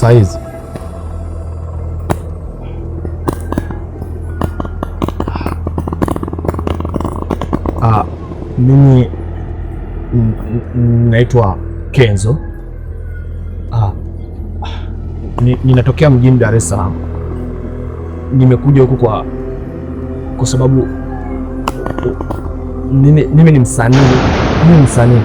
saizi ah, mimi naitwa Kenzo ah, ninatokea mjini Dar es Salaam. Nimekuja huku kwa kwa sababu mimi ni msanii, mimi ni msanii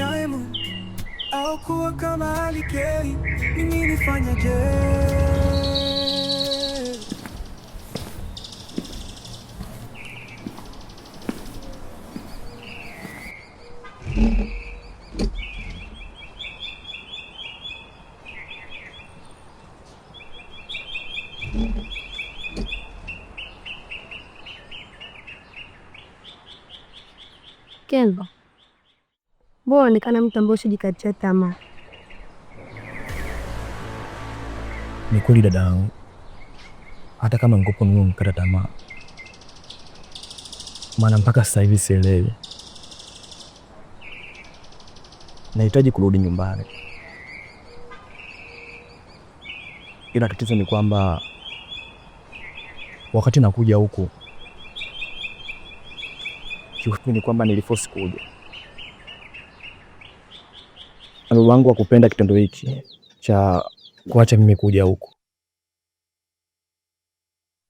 Shaimu au kuwa kama Alikei, mimi nifanyaje? কেন Mbona unaonekana mtu ambaye usijikatia tamaa? Ni kweli dada yangu, hata kama mkopo nini mkata tamaa, maana mpaka sasa hivi sielewi. Nahitaji kurudi nyumbani, ila tatizo ni kwamba wakati nakuja huku kiufupi ni kwamba nilifosi kuja wangu wa kupenda kitendo hiki cha kuacha mimi kuja huku.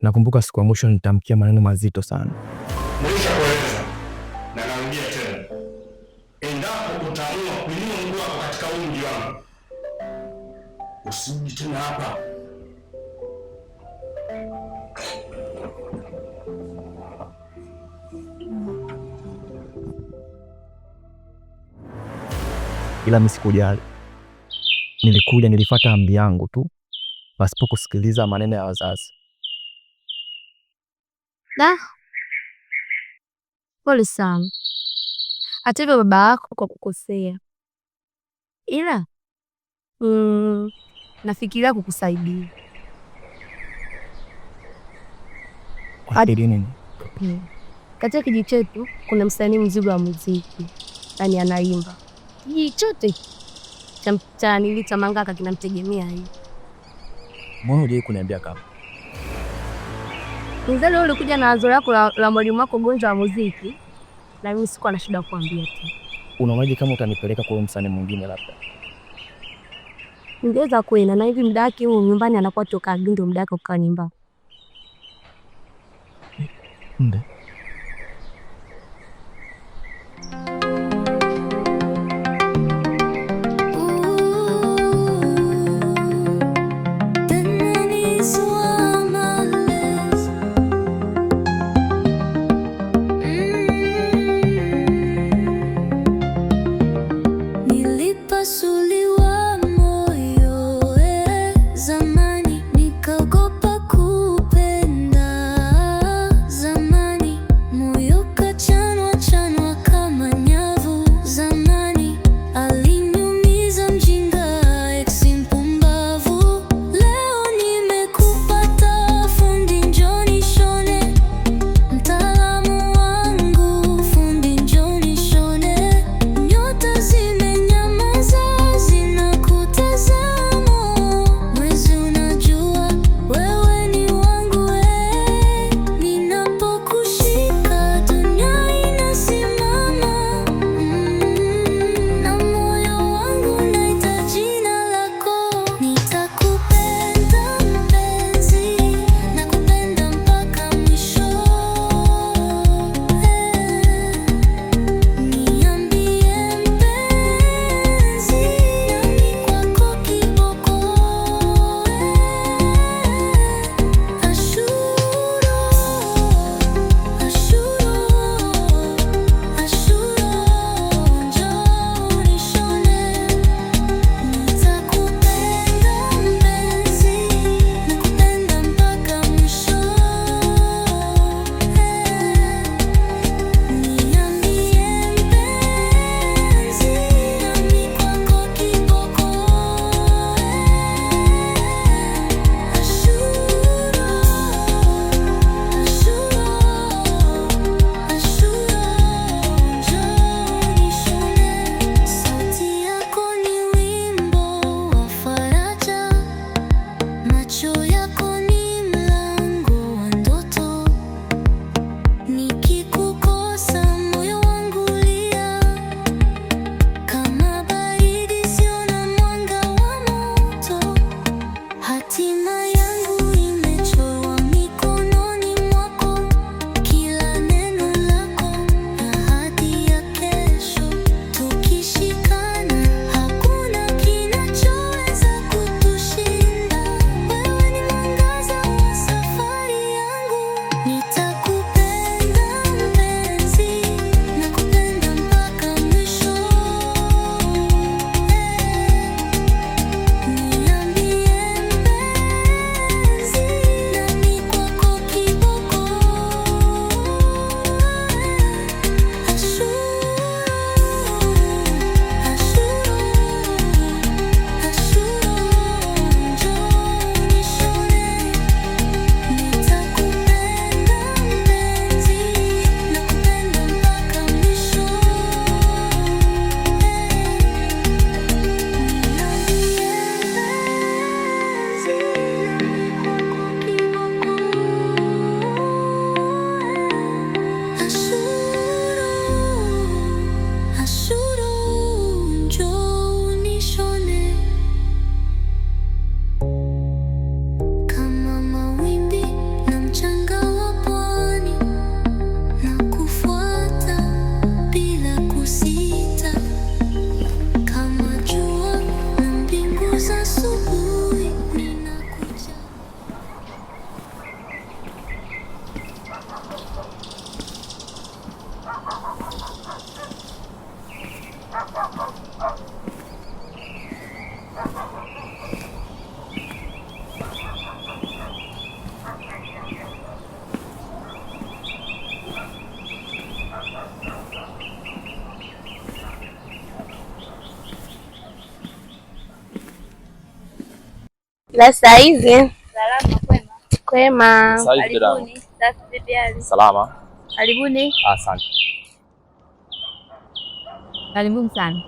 Nakumbuka siku ya mwisho nitamkia maneno mazito sana. Nimeshakueleza na narudia tena, endapo utaamua kuinua mguu wako katika huu mji wangu, usiji tena hapa. ila mimi sikujali. Nilikuja, nilifuata amri yangu tu pasipo kusikiliza maneno ya wazazi. Da, pole sana hata hivyo baba yako kwa kukosea, ila mm, nafikiria kukusaidia. Mm. Katika kijiji chetu kuna msanii mzigo wa muziki, yani anaimba kijiji chote cha mtaani Mangaka kinamtegemea. Hii mbona hujai kuniambia kama mzali ulikuja na wazo lako la, la mwalimu wako gonjwa wa muziki, na mimi sikuwa na shida kuambia tu. Unaonaje kama utanipeleka kwa msanii mwingine labda? Ningeweza kwenda na hivi muda wake huo nyumbani anakuwa toka Gindo, muda wake ukaa nyumbani. in the la saa hizi kwema. Kwema. Salama. Karibuni. Asante. Karibuni sana.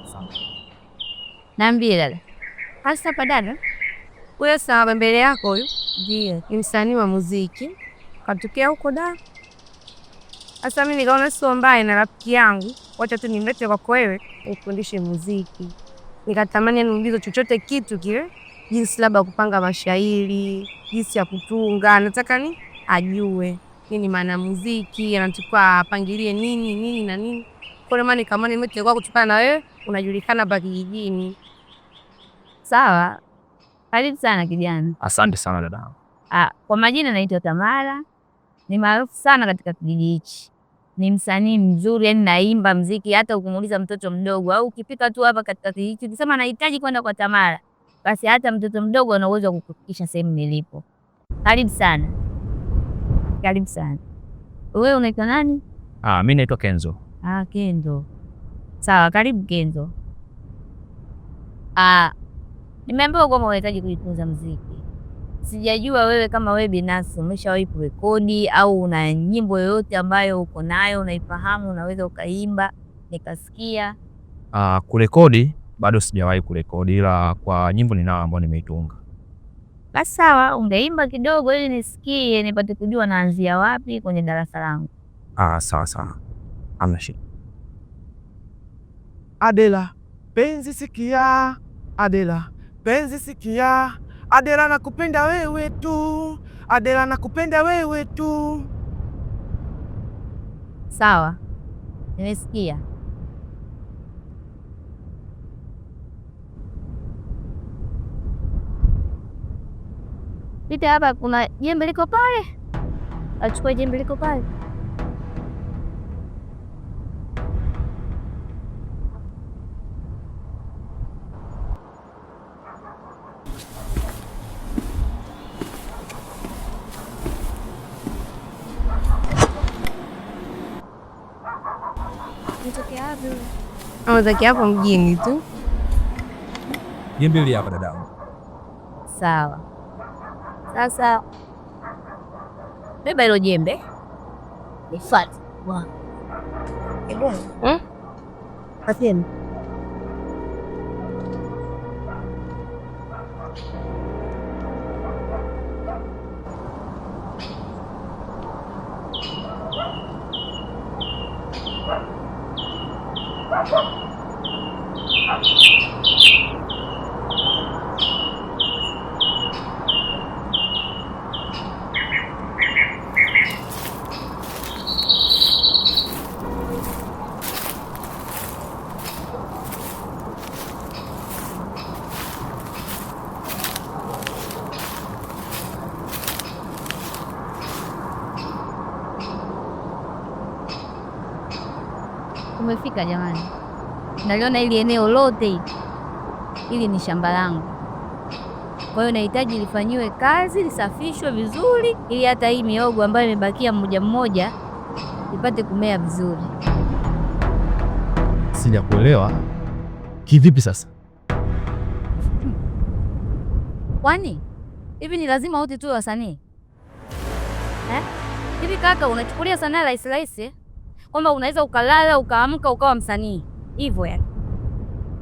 Naambia dada hasa pa dada, huyo sawa, mbele yako huyu ndiye ni msanii wa muziki katokea huko da. Sasa mimi nikaona sio mbaya na rafiki yangu, wacha tu nimlete kwako wewe, nifundishe muziki, nikatamani niulize chochote kitu kile jinsi labda ya kupanga mashairi, jinsi ya kutunga, nataka ni ajue nini maana muziki, anatakiwa apangilie nini nini na nini. Kwa maana kama nimekuwa kutokana na wewe unajulikana pa kijijini. Sawa, karibu sana kijana. Asante sana dada. Ah, kwa majina naitwa Tamara, ni maarufu sana katika kijiji hichi ni msanii mzuri, yani naimba mziki. Hata ukimuuliza mtoto mdogo au ukipita tu hapa katika kijiji, ukisema nahitaji kwenda kwa Tamara basi hata mtoto mdogo ana uwezo wa kukufikisha sehemu nilipo. Karibu sana, karibu sana. Wewe unaitwa nani? Ah, mimi naitwa Kenzo. Ah, Kenzo. Sawa, karibu Kenzo. Ah, nimeambiwa kwamba unahitaji kujifunza muziki. Sijajua wewe kama wewe binafsi umeshawahi kurekodi au una nyimbo yoyote ambayo uko nayo unaifahamu, unaweza ukaimba nikasikia? Ah, kurekodi bado sijawahi kurekodi, ila kwa nyimbo ninao ambayo nimeitunga. Basi sawa, ungeimba kidogo ili nisikie, nipate kujua naanzia wapi kwenye darasa langu. Ah, sawa sawa, hamna shida. Adela penzi sikia, Adela penzi sikia, Adela nakupenda wewe tu, Adela nakupenda wewe tu. Sawa, nimesikia. Pita hapa, kuna jembe liko pale, achukua jembe liko pale. Natokea hapo mjini tu. Jembe hili hapa dadangu. Sawa. Sao sao? Mấy bay đồ dìm đấy. Bị phật. Wow. Cái đồ. Ừ? Có tiền. Thank you. naliona ili eneo lote hili ni shamba langu, kwa hiyo nahitaji lifanyiwe kazi, lisafishwe vizuri, ili hata hii miogo ambayo imebakia mmoja mmoja ipate kumea vizuri. Sijakuelewa kivipi sasa? Kwani hivi ni lazima wote tuwe wasanii eh? Hivi kaka, unachukulia sanaa rahisi rahisi kwamba unaweza ukalala ukaamka ukawa msanii hivyo yani?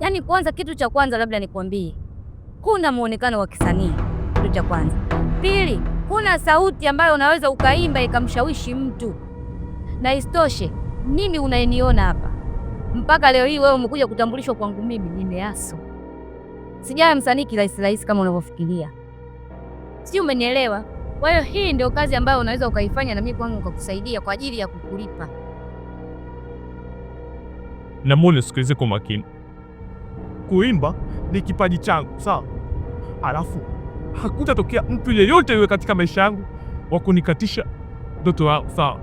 Yaani kwanza, kitu cha kwanza labda nikwambie, kuna muonekano wa kisanii, kitu cha kwanza. Pili, kuna sauti ambayo unaweza ukaimba ikamshawishi mtu, na isitoshe mimi unayeniona hapa mpaka leo hii, wewe umekuja kutambulishwa kwangu mimi, nimeaso sijawa msanii kirahisi rahisi kama unavyofikiria, si umenielewa? Kwa hiyo hii ndio kazi ambayo unaweza ukaifanya na mimi kwangu kakusaidia kwa ajili ya kukulipa. Namule, sikilize kwa makini kuimba ni kipaji changu sawa, alafu hakutatokea mtu yeyote yule katika maisha yangu wa kunikatisha ndoto yao sawa.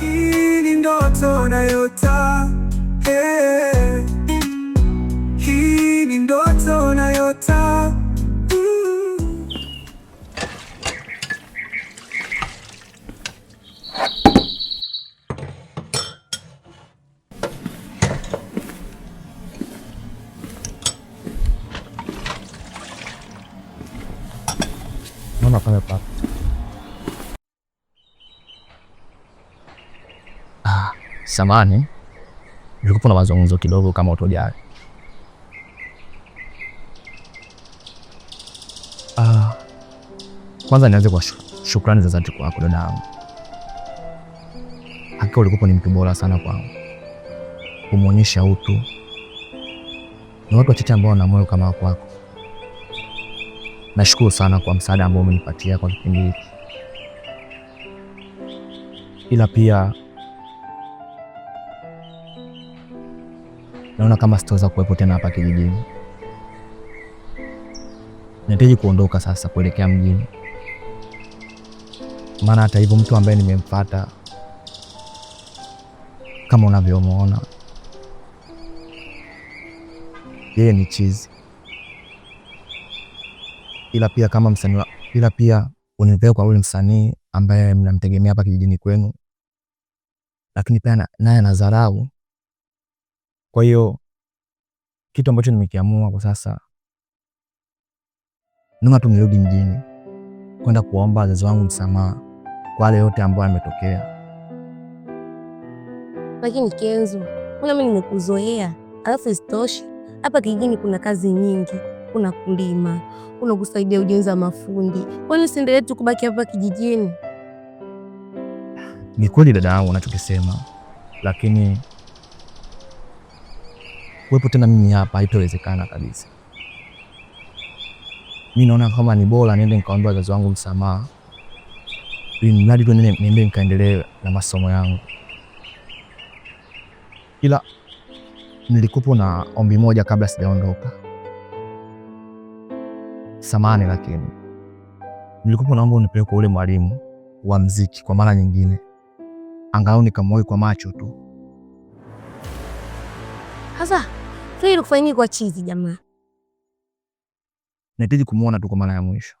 Hii ni ndoto nayota, hey, eh. hii ni ndoto nayota samani, nilikuwa na mazungumzo kidogo kama utojali. Uh, kwanza nianze kwa shukrani za dhati kwako dada yangu. Hakika ulikuwa ni mtu bora sana kwangu, kumwonyesha utu. Ni watu wachache ambao wana moyo kama kwako. Nashukuru sana kwa msaada ambao umenipatia kwa kipindi hiki, ila pia naona kama sitaweza kuwepo tena hapa kijijini. Nahitaji kuondoka sasa kuelekea mjini, maana hata hivyo mtu ambaye nimemfuata kama unavyomwona yeye ni chizi, ila pia kama msanii, ila pia unipea kwa ule msanii ambaye mnamtegemea hapa kijijini kwenu, lakini pia naye anadharau kwa hiyo kitu ambacho nimekiamua kwa sasa, nuna tu nirudi mjini kwenda kuomba wazazi wangu msamaha kwa yale yote ambayo yametokea. Lakini Kenzo, kuna mimi nimekuzoea, alafu isitoshe hapa kijijini kuna kazi nyingi, kuna kulima, kuna kusaidia ujenzi wa mafundi. Kwani usiendelee tu kubaki hapa kijijini? Ni kweli dada yangu unachokisema, lakini kuwepo tena mimi hapa, haitowezekana kabisa. Mi naona kama ni bora niende nikaombe wazazi wangu msamaha, ili mradi tu niende nikaendelee na masomo yangu, ila nilikupo na ombi moja kabla sijaondoka. Samani, lakini nilikupo naomba unipeleke kwa ule mwalimu wa mziki kwa mara nyingine, angalau nikamwoi kwa macho tu hasa Hili likufanyiki kwa chizi jamaa. Nahitaji kumuona tu kwa mara ya mwisho.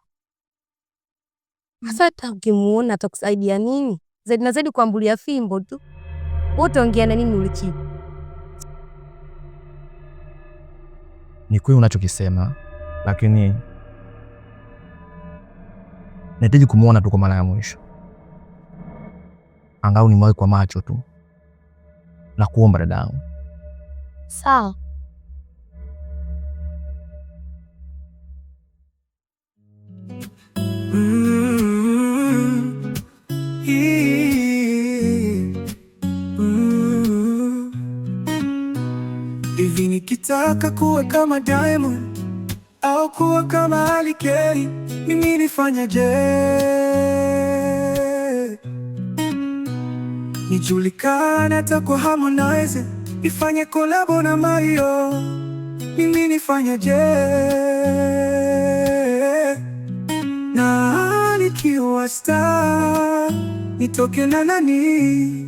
Sasa hata ukimuona atakusaidia nini? Zaidi na zaidi kuambulia fimbo tu. Utaongea na nini ulichi? Ni kweli unachokisema, lakini nahitaji kumuona tu kwa mara ya mwisho, angalau nimwahi kwa macho tu. Nakuomba dadangu. Sawa. nataka kuwa kama Diamond au kuwa kama Alikeri, mimi nifanyaje? Nijulikane hata kwa Harmonize, nifanye kolabo na Mario, mimi nifanyaje? Na nikiwa star nitoke na nani?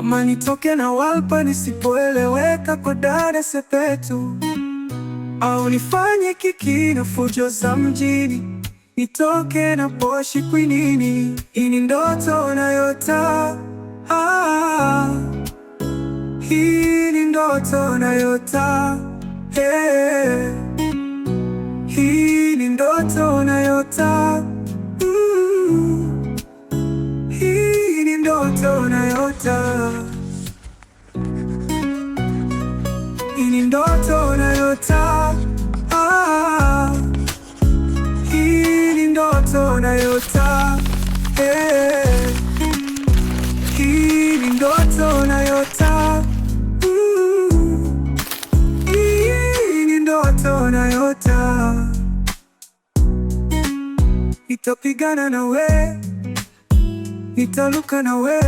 ama nitoke na walpa nisipoeleweka kwa dare Sepetu, au nifanye kiki na fujo za mjini, nitoke na poshi kwinini. Ini ndoto nayota hii ni ndoto nayota hii ni ndoto nayota mm. ndoto nayota, hii ah, ni ndoto nayota, ah, eh, hii ni ndoto nayota, eh, mm, hii ni ndoto nayota, mm, hii ni ndoto nitaluka na we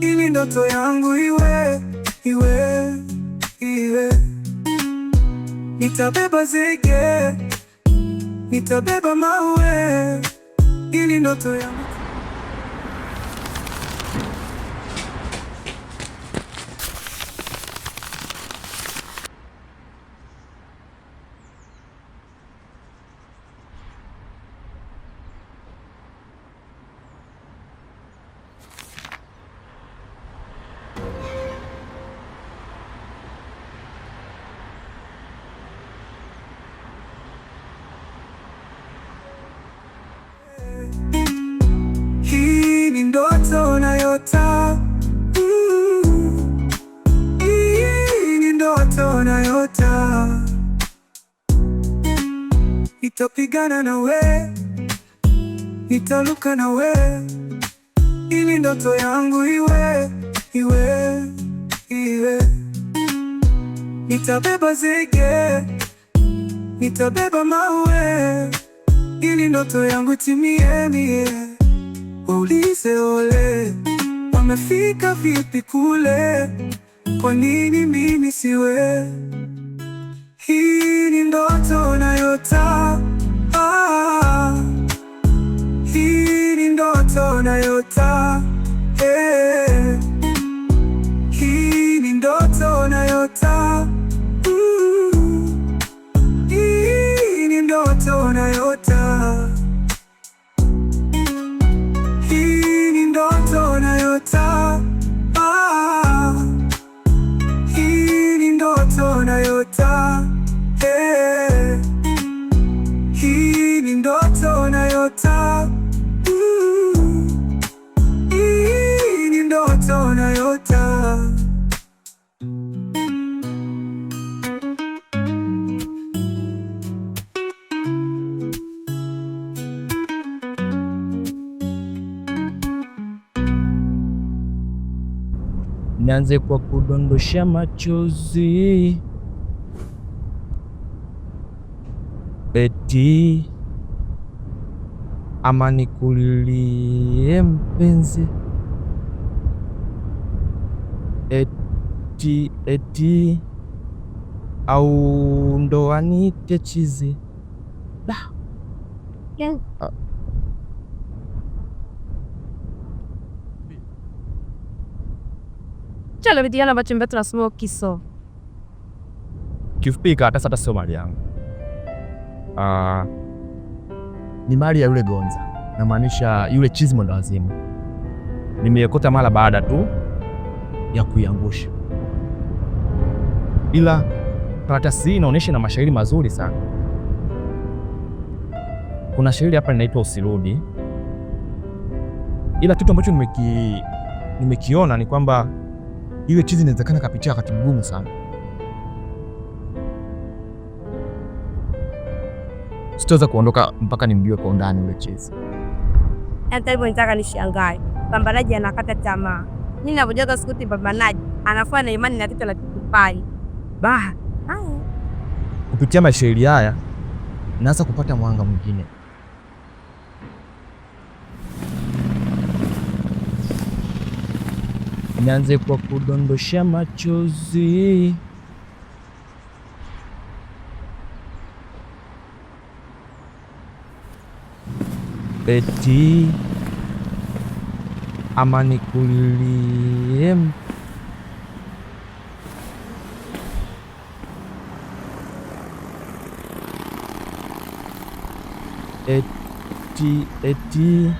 ili ndoto yangu iwe iwe iwe. Nitabeba zege, nitabeba mawe, ili ndoto yangu ndoto na mm-hmm. we ni ndoto nayota, ili ndoto yangu iwe iwe iwe. Nitabeba zege, nitabeba mawe, ili ndoto yangu timie mie Waulize ole Wamefika vipi kule? Kwa nini mimi siwe? Hii ni ndoto nayota, ah, hii ni ndoto nayota, eh, hii ni ndoto nayota nianze kwa kudondosha machozi beti, ama nikulilie mpenzi eti, eti au ndoanite chizi da Cha vijana ambacho na tunasoma kiso. Kifupi hata sasa sio mali yangu. Ah, ni mali ya yule Gonza, namaanisha yule chizi ndo wazimu. Nimeiokota mara baada tu ya kuiangusha, ila karatasi hii inaonyesha na mashairi mazuri sana. Kuna shairi hapa linaitwa Usirudi, ila kitu ambacho nimeki nimekiona ni kwamba yule chizi inawezekana kapitia wakati mgumu sana. Sitaweza kuondoka mpaka nimjue kwa undani yule chizi. Hata hivyo nitaka nishangae, pambanaji anakata tamaa. Mimi ninapojaga sikuti pambanaji anafua na imani na kitu anachokifanya. Bah, kupitia mashairi haya naanza kupata mwanga mwingine nianze kwa kudondosha machozi. Beti, ama eti Eti, eti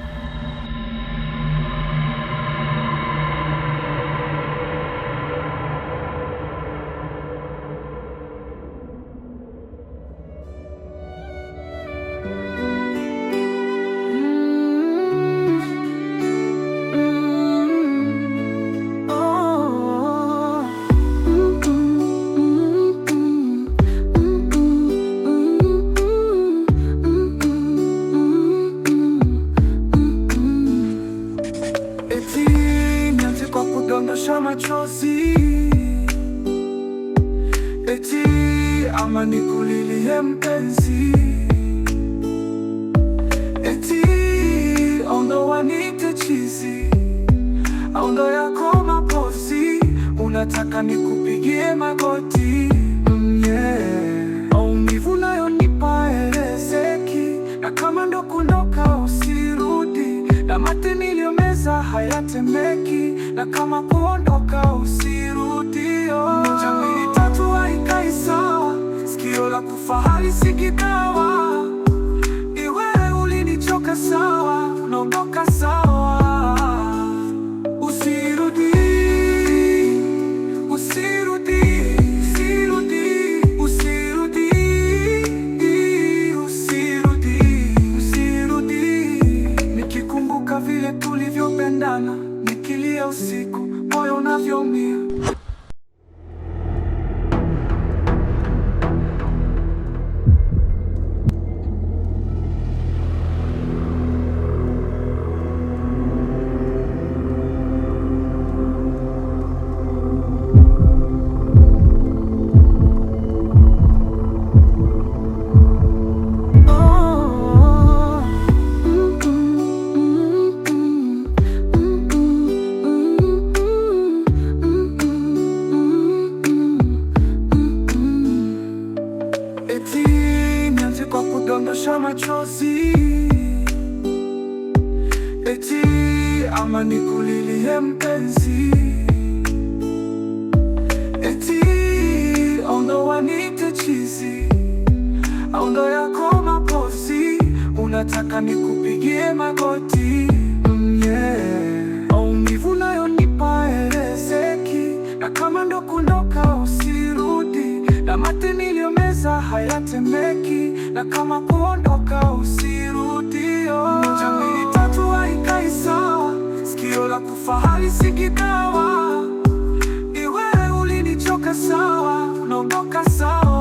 Dondosha machozi eti ama nikulilie mpenzi, eti ondoa nite chizi, aundo yako mapozi, unataka nikupigie magoti mm, yeah. Maumivu nayo nipaelezeki, na kama ndo kundoka usirudi, na mate niliyomeza hayatemeki na kama kuondoka usirudio. Moja, mbili, tatu, haikai sawa. Sikio la kufahari sikikawa, iwewe ulinichoka sawa, tunaondoka sawa kwa kudondosha machozi, eti ama nikulilie mpenzi, eti au wanite chizi, au ndo yako mapozi, unataka nikupigie magoti mm, au nivu na kama ndo usirudi, na mate niliyomeza hayatemeki na kama kuondoka usirudio. Moja, mbili, tatu, haikai sawa. Sikio la kufahari sikitawa Ni wewe ulinichoka, sawa, naondoka, sawa